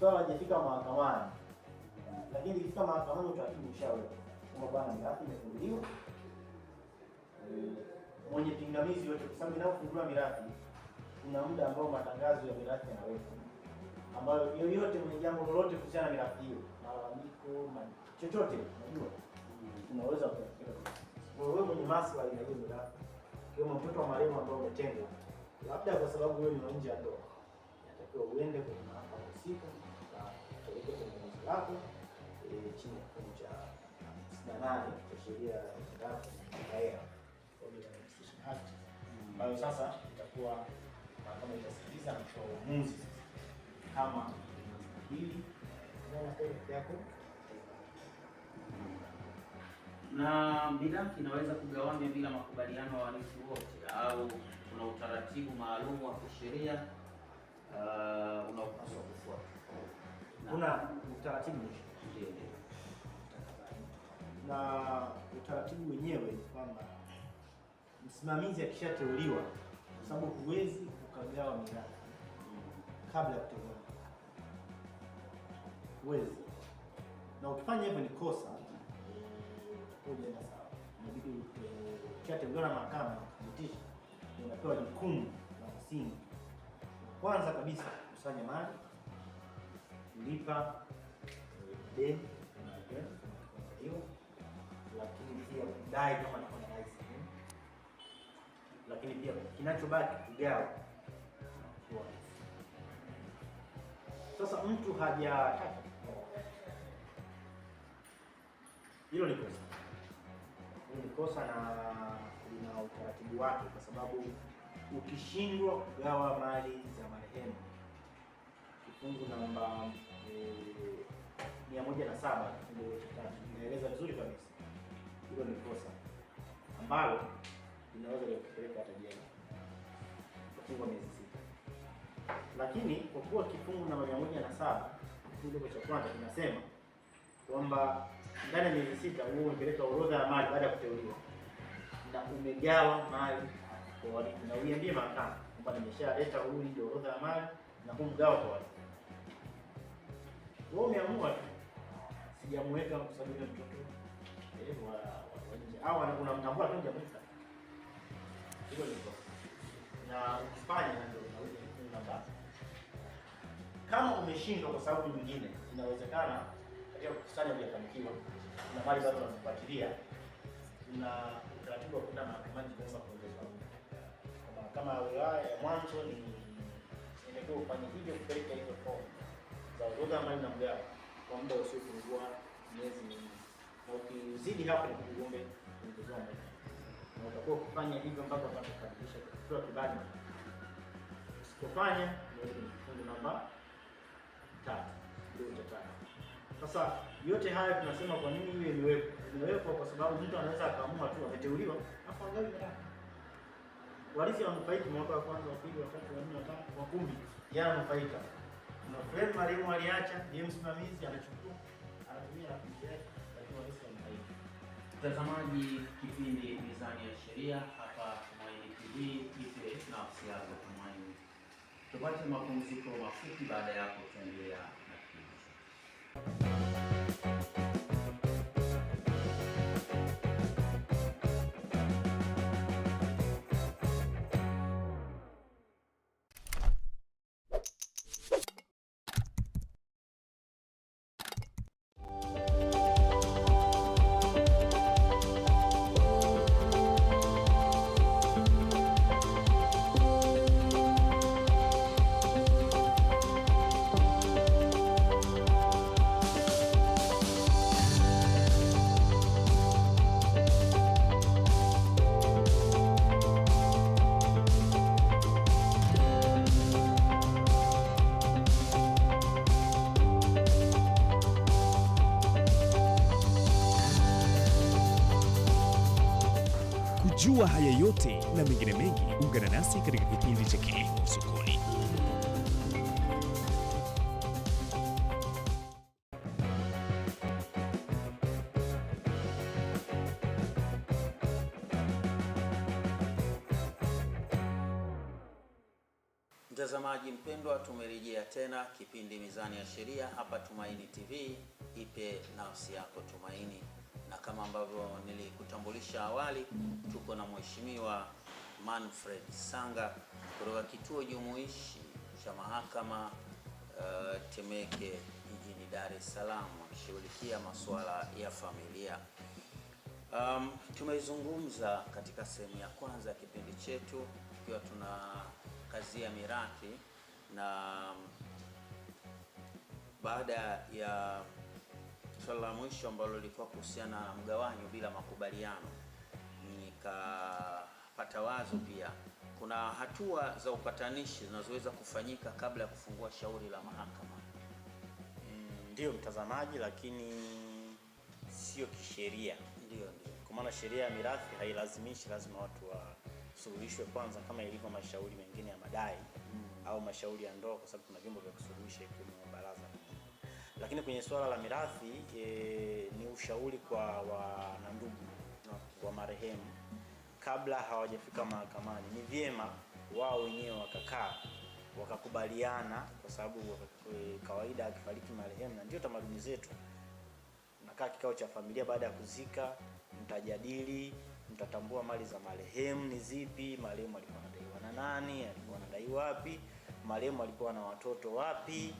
swala hajafika mahakamani, lakini ikifika mahakamani utaratibu ushaweka kama bwana mirathi imefunguliwa, eh, mwenye pingamizi yote, kwa sababu inapofunguliwa mirathi kuna muda ambao matangazo ya mirathi yanawekwa, ambayo yoyote mwenye jambo lolote kuhusiana na mirathi hiyo, malalamiko, chochote, unajua unaweza wewe mwenye maslahi ya hiyo mirathi, kiwemo mtoto wa marehemu ambao umetengwa, labda kwa sababu wewe ni nje ya ndoa, inatakiwa uende kwenye mahakama husika kuweka tangazo lako chini ya kifungu cha hamsini na nane cha sheria ya matangazo ya ambayo sasa itakuwa mahakama itasikiliza na kutoa uamuzi kama hili yako na milaki inaweza kugawanywa bila makubaliano ya warithi wote, au kuna utaratibu maalum wa kisheria uh, unaopaswa kufuatwa? kuna utaratibu na utaratibu wenyewe kwamba msimamizi akishateuliwa, kwa sababu huwezi ukagawa miradi kabla ya kuteuliwa, huwezi. Na ukifanya hivyo ni kosa, hujaenda sawa. Inabidi ukishateuliwa na mahakama kupitisha, unapewa jukumu la msingi, kwanza kabisa kusanya mali kulipa eh, deni hiyo, lakini pia kudai kama hmm? lakini pia kinachobaki kugawa. Sasa mtu haja hilo ni kosa, hilo ni kosa na lina utaratibu wake, kwa sababu ukishindwa kugawa mali za marehemu kifungu namba mia moja na saba kifungu cha tatu inaeleza vizuri kabisa hilo ni kosa ambalo linaweza likupeleka hata jela kufungwa miezi sita, lakini kwa kuwa kifungu namba mia moja na saba kifungu cha kwanza kinasema kwamba ndani ya miezi sita huo umepeleka orodha ya mali baada ya kuteuliwa na umegawa mali kwa warithi na uiambie mahakama kwamba nimeshaleta, huu ndio orodha ya mali na huu mgawa kwa warithi wewe umeamua tu sijamweka kwa sababu ya mtoto eh, wa wa nje au unamtambua tu hujamweka. Hilo ni kwa na ukifanya ndio unaweza kufunga basi. Kama umeshindwa kwa sababu nyingine, inawezekana katika kukusanya hujafanikiwa, na mali bado unafuatilia na utaratibu wa kwenda mahakamani kuomba kuongezwa Kama kama wilaya ya mwanzo ni inatakiwa ufanye hivyo kupeleka hizo fomu utaweka amani na mgao kwa muda usiopungua miezi minne, na ukizidi hapo ni kuombe kuongezewa muda, na utakuwa ukifanya hivyo mpaka utakapokamilisha kutoa kibali. Usipofanya ni fungu namba tatu, ndio utataka. Sasa yote haya tunasema kwa nini hiyo iliwepo? Iliwepo kwa sababu mtu anaweza akaamua tu ameteuliwa afu angali warithi wanufaika mwaka wa kwanza, wa pili, wa tatu, wa nne, wa tano, wa kumi, yeye anufaika kuna friend marehemu aliacha, ni msimamizi anachukua, anatumia rafiki yake akiwa Yesu anaitwa. Mtazamaji, kipindi Mizani ya Sheria hapa Tumaini TV, ipe nafsi yako Tumaini. Tupate mapumziko mafupi, baada ya hapo tutaendelea. Jua haya yote na mengine mengi, ungana nasi katika kipindi cha Kilimo Sokoni. Mtazamaji mpendwa, tumerejea tena kipindi Mizani ya Sheria hapa Tumaini TV. Ipe nafsi yako tumaini na kama ambavyo nilikutambulisha awali, tuko na Mheshimiwa Manfred Sanga kutoka kituo jumuishi cha mahakama uh, Temeke jijini Dar es Salaam akishughulikia masuala ya familia. Um, tumezungumza katika sehemu ya kwanza ya kipindi chetu tukiwa tuna ya mirathi na um, baada ya swala la mwisho ambalo lilikuwa kuhusiana na mgawanyo bila makubaliano, nikapata wazo pia kuna hatua za upatanishi zinazoweza kufanyika kabla ya kufungua shauri la mahakama. Mm, Ndiyo mtazamaji, lakini sio kisheria. Ndio, ndio, kwa maana sheria ya mirathi hailazimishi lazima watu wasuluhishwe kwanza kama ilivyo mashauri mengine ya madai mm, au mashauri ya ndoa, kwa sababu kuna vyombo vya kusuluhisha hukumu lakini kwenye swala la mirathi e, ni ushauri kwa wanandugu wa marehemu kabla hawajafika mahakamani, ni vyema wao wenyewe wakakaa wakakubaliana, kwa sababu e, kawaida akifariki marehemu, na ndio tamaduni zetu, nakaa kikao cha familia baada ya kuzika, mtajadili, mtatambua mali za marehemu ni zipi, marehemu alikuwa anadaiwa na nani, alikuwa anadai wapi, marehemu alikuwa na watoto wapi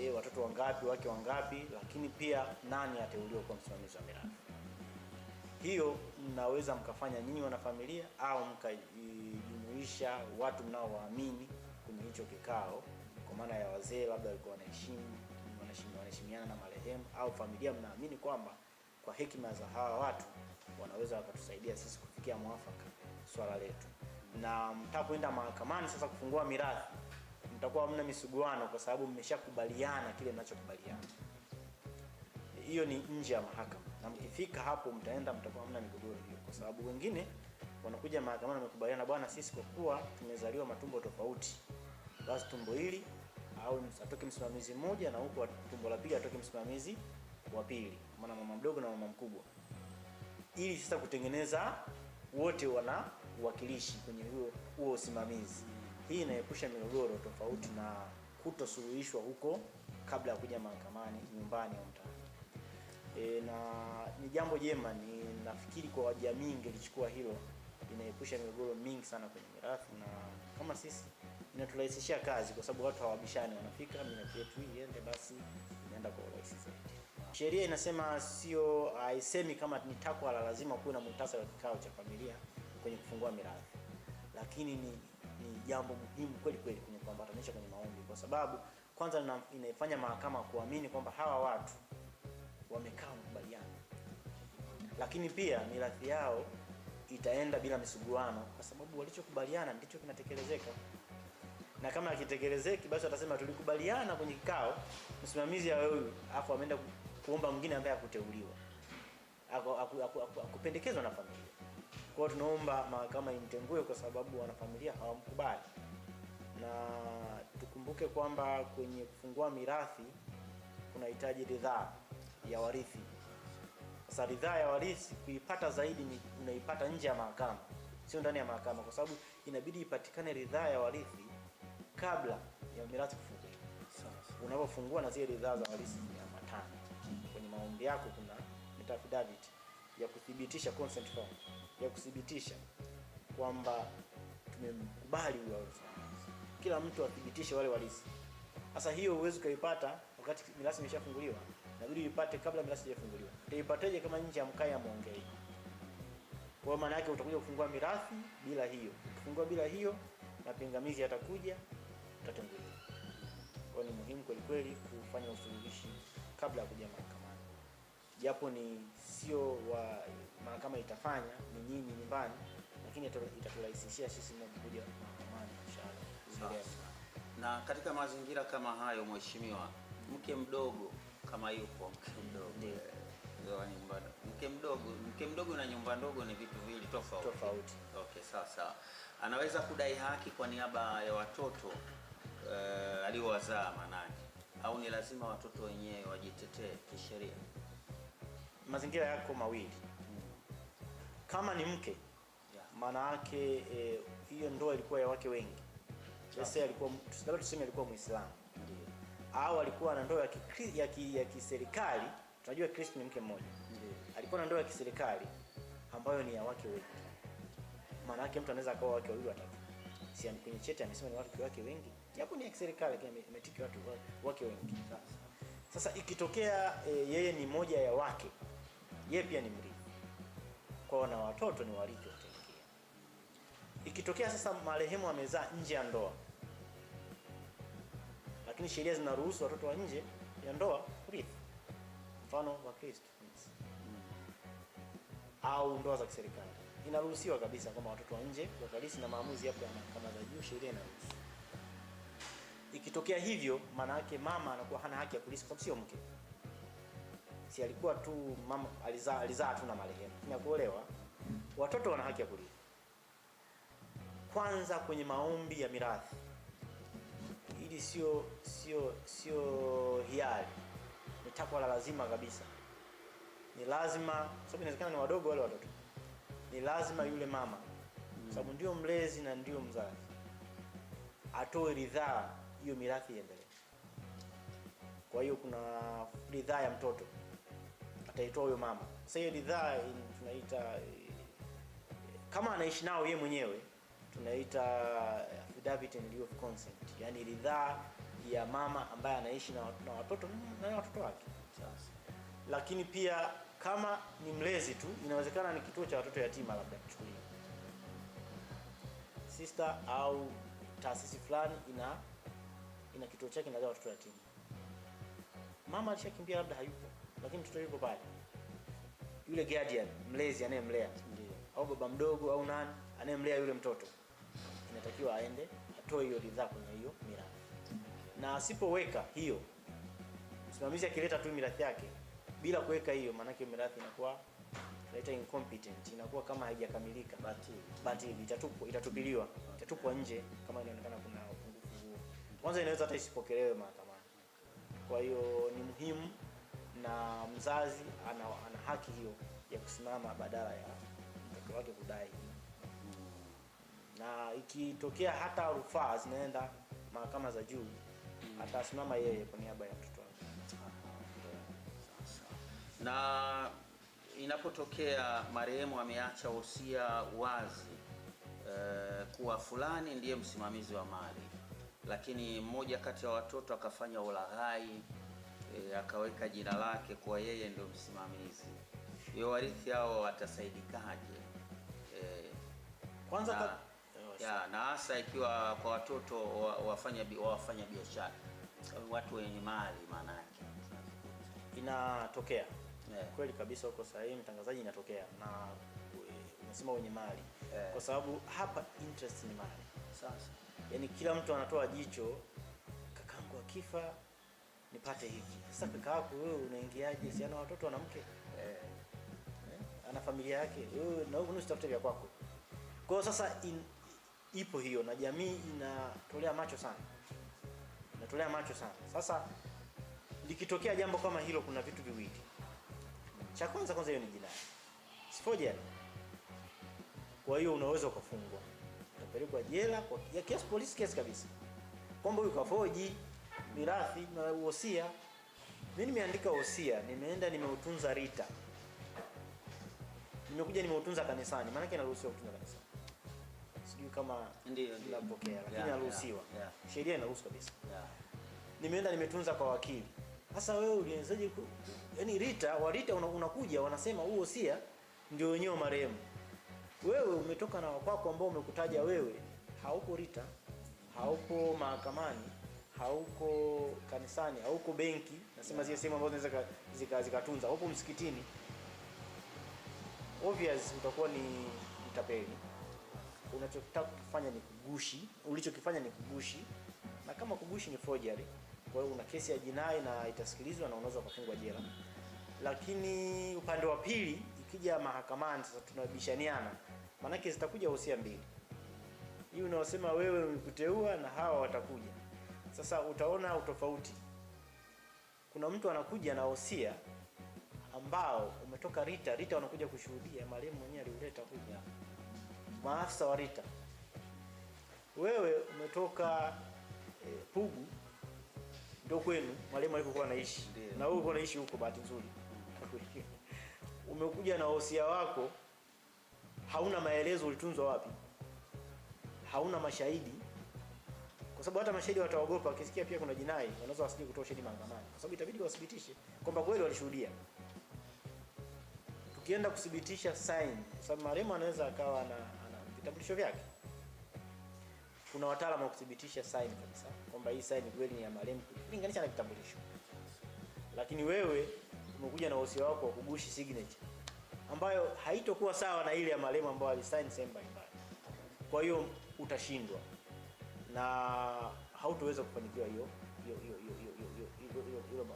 e, watoto wangapi, wake wangapi, lakini pia nani ateuliwa kuwa msimamizi wa miradi hiyo. Mnaweza mkafanya nyinyi wanafamilia, au mkajumuisha watu mnaowaamini kwenye hicho kikao, kwa maana ya wazee labda walikuwa wanaheshimu wanaheshimiana na marehemu, au familia mnaamini kwamba kwa hekima za hawa watu wanaweza wakatusaidia sisi kufikia mwafaka swala letu. Na mtapoenda mahakamani sasa kufungua mirathi mtakuwa hamna misuguano kwa sababu mmeshakubaliana kile mnachokubaliana. Hiyo ni nje ya mahakama, na mkifika hapo mtaenda, mtakuwa hamna migogoro hiyo, kwa sababu wengine wanakuja mahakamani wamekubaliana, bwana, sisi kwa kuwa tumezaliwa matumbo tofauti, basi tumbo hili au atoke msimamizi mmoja na huko tumbo la pili atoke msimamizi wa pili, maana mama mdogo na mama mkubwa, ili sasa kutengeneza wote wana uwakilishi kwenye huo usimamizi. Hii inaepusha migogoro tofauti na kutosuluhishwa huko kabla ya kuja mahakamani nyumbani au mtaani. E, na ni jambo jema, ni nafikiri kwa jamii ingelichukua hilo, inaepusha migogoro mingi sana kwenye mirathi, na kama sisi inaturahisishia kazi, kwa sababu watu hawabishani, wanafika mirathi yetu iende, basi inaenda kwa urahisi zaidi. Sheria inasema sio, haisemi kama ni takwa la lazima kuwe na muhtasari wa kikao cha familia kwenye kufungua mirathi, lakini ni jambo muhimu kweli kweli kwenye kuambatanisha kwenye maombi, kwa sababu kwanza inaifanya mahakama kuamini kwamba hawa watu wamekaa makubaliano, lakini pia mirathi yao itaenda bila misuguano, kwa sababu walichokubaliana ndicho kinatekelezeka, na kama akitekelezeki, basi watasema tulikubaliana kwenye kikao, msimamizi awe huyu, afu ameenda kuomba mwingine ambaye akuteuliwa akupendekezwa na familia. Kwa tunaomba mahakama imtengue kwa sababu wanafamilia hawamkubali, na tukumbuke kwamba kwenye kufungua mirathi kunahitaji ridhaa ya warithi. Sasa ridhaa ya warithi kuipata zaidi ni unaipata nje ya mahakama, sio ndani ya mahakama, kwa sababu inabidi ipatikane ridhaa ya warithi kabla ya mirathi kufungua. Unapofungua na zile ridhaa za warithi mia matano kwenye maombi yako kuna affidavit ya kuthibitisha consent form ya kuthibitisha kwamba tumemkubali huyo awe kila mtu athibitishe wale walisi. Sasa hiyo huwezi ukaipata wakati mirasi imeshafunguliwa, inabidi uipate kabla mirasi haijafunguliwa. Utaipateje kama nje ya mkaya muongei? Kwa maana yake utakuja kufungua mirathi bila hiyo. Ukifungua bila hiyo, mapingamizi yatakuja, utatenguliwa. Kwa ni muhimu kweli kweli kufanya usuluhishi kabla ya kuja mahakamani japo ni sio wa mahakama itafanya, ni nyinyi nyumbani, lakini itaturahisishia sisi mnapokuja mahakamani Na katika mazingira kama hayo, mheshimiwa, mke mdogo kama yupo mke mdogo ndoa eh, mke mdogo mke mdogo na nyumba ndogo ni vitu viwili tofauti tofauti. Okay, sawa sawa. Anaweza kudai haki kwa niaba ya watoto uh, aliowazaa manani, au ni lazima watoto wenyewe wajitetee kisheria? mazingira yako mawili. Kama ni mke maana yake e, hiyo e, ndoa ilikuwa ya wake wengi, alikuwa labda tuseme alikuwa Muislamu au alikuwa na ndoa ya ya, ya kiserikali. Tunajua Kristo ni mke mmoja, alikuwa na ndoa ya kiserikali ambayo ni ya wake wengi. Maana yake mtu anaweza akaoa wake wawili watatu. Si kwenye cheti amesema ni wake wake wengi, japo ni ya kiserikali, lakini ametiki watu wake wengi. Sasa ikitokea e, yeye ni moja ya wake ye pia ni mrithi, kwao na watoto ni warithi wa Ikitokea sasa marehemu amezaa nje ya ndoa, lakini sheria zinaruhusu watoto wa nje ya ndoa kurithi, mfano wa Kristo au ndoa za kiserikali inaruhusiwa kabisa kwamba watoto wa nje wakalisi na maamuzi yapo ya mahakama za juu, sheria inaruhusu. Ikitokea hivyo, maana yake mama anakuwa hana haki ya kulisi kwa sababu sio mke si alikuwa tu mama alizaa alizaa tu na marehemu na kuolewa. Watoto wana haki ya kulia kwanza kwenye maombi ya mirathi, ili sio sio sio hiari, ni takwa la lazima kabisa. Ni lazima sababu inawezekana ni wadogo wale watoto, ni lazima yule mama mm. sababu ndio mlezi na ndio mzazi atoe ridhaa, hiyo mirathi iendelee. Kwa hiyo kuna ridhaa ya mtoto ataitoa huyo mama. Sasa hiyo ridhaa tunaita kama anaishi nao yeye mwenyewe tunaita affidavit in lieu of consent, yaani ridhaa ya mama ambaye anaishi na, na watoto na watoto wake. Sasa lakini pia kama ni mlezi tu, inawezekana ni kituo cha watoto yatima, labda kuchukulia sister au taasisi fulani ina ina kituo chake, inalea watoto yatima, mama alishakimbia, labda hayupo lakini mtoto yuko pale, yule guardian mlezi anayemlea ndio, au baba mdogo au nani anayemlea yule mtoto, inatakiwa aende atoe hiyo ridhaa kwenye hiyo mirathi, na asipoweka hiyo, msimamizi akileta tu mirathi yake bila kuweka hiyo, maanake mirathi inakuwa incompetent, inakuwa kama haijakamilika, itatupwa itatupiliwa, itatupwa nje kama inaonekana kuna upungufu huo. Kwanza inaweza hata isipokelewe mahakamani. Kwa hiyo ni muhimu na mzazi ana, ana haki hiyo ya kusimama badala ya mtoto wake kudai na ikitokea hata rufaa zinaenda mahakama za juu hmm. atasimama yeye kwa niaba ya mtoto wake. Na inapotokea marehemu ameacha wosia wazi uh, kuwa fulani ndiye msimamizi wa mali, lakini mmoja kati ya watoto akafanya ulaghai e, akaweka jina lake kwa yeye ndio msimamizi. Hiyo warithi hao watasaidikaje? E, kwanza na, ka... ya, na hasa ikiwa kwa watoto wafanya wafanya biashara watu wenye mali maana yake inatokea yeah. Kweli kabisa, huko sahihi mtangazaji, inatokea na unasema wenye mali yeah. Kwa sababu hapa interest ni mali sasa, yani kila mtu anatoa jicho, kakangu akifa nipate hiki. Sasa kaka yako wewe unaingiaje? Si ana watoto na mke eh. eh, ana familia yake, wewe na wewe unasitafuta vya kwako. Kwa sasa in, ipo hiyo na jamii inatolea macho sana, inatolea macho sana. Sasa likitokea jambo kama hilo, kuna vitu viwili. Cha kwanza kwanza, hiyo ni jinai, sifoje. Yaani. Kwa hiyo unaweza ukafungwa, utapelekwa jela kwa kiasi polisi kiasi kabisa, kwamba huyu kafoji mirathi na uhosia. Mimi nimeandika uhosia, nimeenda nimeutunza Rita, nimekuja nimeutunza kanisani, maana yake inaruhusiwa kutunza kanisani. Sijui kama ndio ndio napokea, lakini inaruhusiwa, sheria inaruhusu kabisa. Yeah. Nimeenda nimetunza kwa wakili. Sasa wewe ulianzaje? Yaani Rita wa Rita unakuja wanasema huo uhosia ndio wenyewe marehemu. Wewe umetoka na wakwako ambao umekutaja wewe, haupo Rita, haupo mahakamani hauko kanisani, hauko benki, nasema yeah. Zile sehemu ambazo zinaweza zika, zikatunza huko msikitini, obvious utakuwa ni mtapeli. Unachotaka kufanya ni kugushi, ulichokifanya ni kugushi, na kama kugushi ni forgery, kwa hiyo una kesi ya jinai na itasikilizwa na unaweza kufungwa jela. Lakini upande wa pili ikija mahakamani, sasa tunabishaniana, maanake zitakuja hosia mbili, hii unaosema wewe umekuteua na hawa watakuja sasa utaona utofauti. Kuna mtu anakuja na hosia ambao umetoka Rita. Rita wanakuja kushuhudia, marehemu mwenyewe aliuleta kuja, maafisa wa Rita. Wewe umetoka e, Pugu ndio kwenu marehemu alikokuwa anaishi, na wewe uko naishi huko, bahati nzuri umekuja na hosia wako, hauna maelezo ulitunzwa wapi, hauna mashahidi kwa sababu hata mashahidi wataogopa wakisikia pia kuna jinai, wanaweza wasije kutoa ushahidi mahakamani, kwa sababu itabidi wathibitishe kwamba kweli walishuhudia. Tukienda kuthibitisha sign, kwa sababu marehemu anaweza akawa na, ana vitambulisho vyake. Kuna wataalamu wa kuthibitisha sign kabisa kwamba hii sign kweli ni ya marehemu, kulinganisha na vitambulisho. Lakini wewe umekuja na wosia wako wa kugushi signature ambayo haitokuwa sawa na ile ya marehemu ambayo alisign sehemu mbalimbali, kwa hiyo utashindwa na hautoweza kufanikiwa hiyo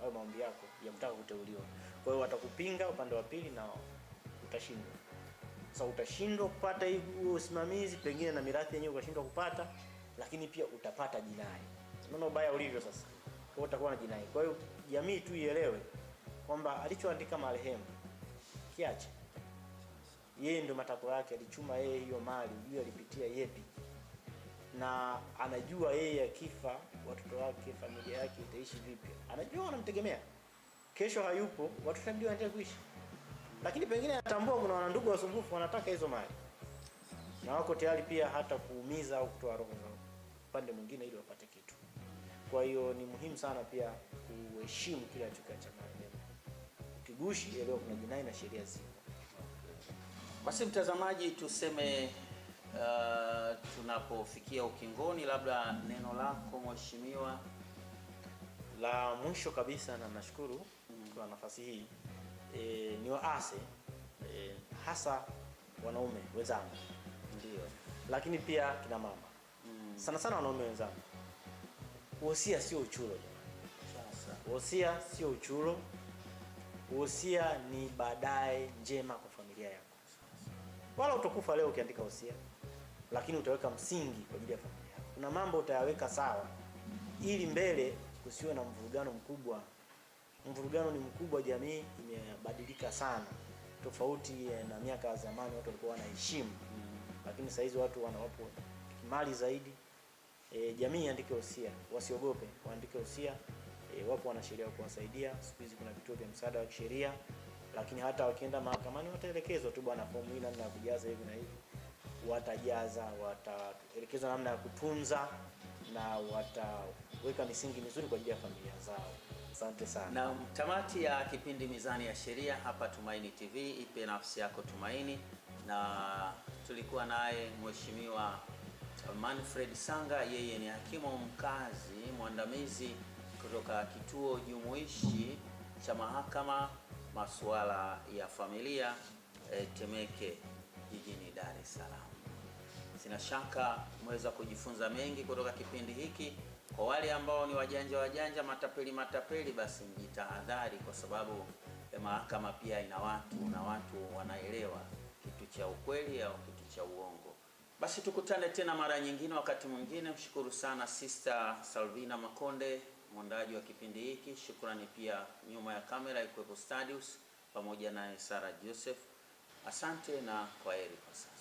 hayo maombi yako ya kutaka kuteuliwa. Kwa hiyo watakupinga upande wa pili na utashindwa. Sasa utashindwa kupata huo usimamizi, pengine na mirathi yenyewe utashindwa kupata, lakini pia utapata jinai. Unaona ubaya ulivyo sasa, kwa utakuwa na jinai. Kwa hiyo jamii tu ielewe kwamba alichoandika marehemu kiache, yeye ndio matakwa yake, alichuma yeye hiyo mali, ujue alipitia yepi na anajua yeye akifa watoto wake, familia yake itaishi vipi, anajua wanamtegemea. Kesho hayupo, watu ndio kuishi, lakini pengine anatambua kuna wanandugu wasumbufu wanataka hizo mali na wako tayari pia hata kuumiza au kutoa roho zao upande mwingine ili wapate kitu. Kwa hiyo ni muhimu sana pia kuheshimu kile alichokiacha marehemu. Ukigushi elewa kuna jinai na sheria zipo. Basi mtazamaji, tuseme uh, tunapofikia ukingoni, labda neno lako mheshimiwa la mwisho kabisa, na nashukuru kwa nafasi hii e, ni waase e, hasa wanaume wenzangu ndio, lakini pia kina mama mm. sana sana wanaume wenzangu, wosia sio uchulo. wosia sio uchulo, wosia ni baadaye njema kwa familia yako, wala utakufa leo ukiandika wosia lakini utaweka msingi kwa ajili ya familia yako. Kuna mambo utayaweka sawa ili mbele kusiwe na mvurugano mkubwa. Mvurugano ni mkubwa, jamii imebadilika sana, tofauti na miaka ya zamani. Watu walikuwa wanaheshimu mm lakini saa hizi watu wanawapo mali zaidi. E, jamii iandike usia, wasiogope, waandike usia. E, wapo wanasheria wa kuwasaidia. Siku hizi kuna vituo vya msaada wa kisheria, lakini hata wakienda mahakamani wataelekezwa tu, bwana, fomu hii namna ya kujaza hivi na hivi watajaza, wataelekeza namna ya kutunza na wataweka misingi mizuri kwa ajili ya familia zao. Asante sana. Na tamati ya kipindi Mizani ya Sheria hapa Tumaini TV, ipe nafsi yako tumaini, na tulikuwa naye Mheshimiwa Manfred Sanga, yeye ni hakimu mkazi mwandamizi kutoka kituo jumuishi cha mahakama masuala ya familia e, Temeke jijini Dar es Salaam. Sina shaka umeweza kujifunza mengi kutoka kipindi hiki. Kwa wale ambao ni wajanja wajanja, matapeli matapeli, basi mjitahadhari, kwa sababu eh, mahakama pia ina watu na watu wanaelewa kitu cha ukweli au kitu cha uongo. Basi tukutane tena mara nyingine, wakati mwingine. Mshukuru sana Sister Salvina Makonde, mwandaji wa kipindi hiki. Shukrani pia nyuma ya kamera ikuwepo Stadius pamoja naye Sarah Joseph. Asante na kwaheri kwa sasa.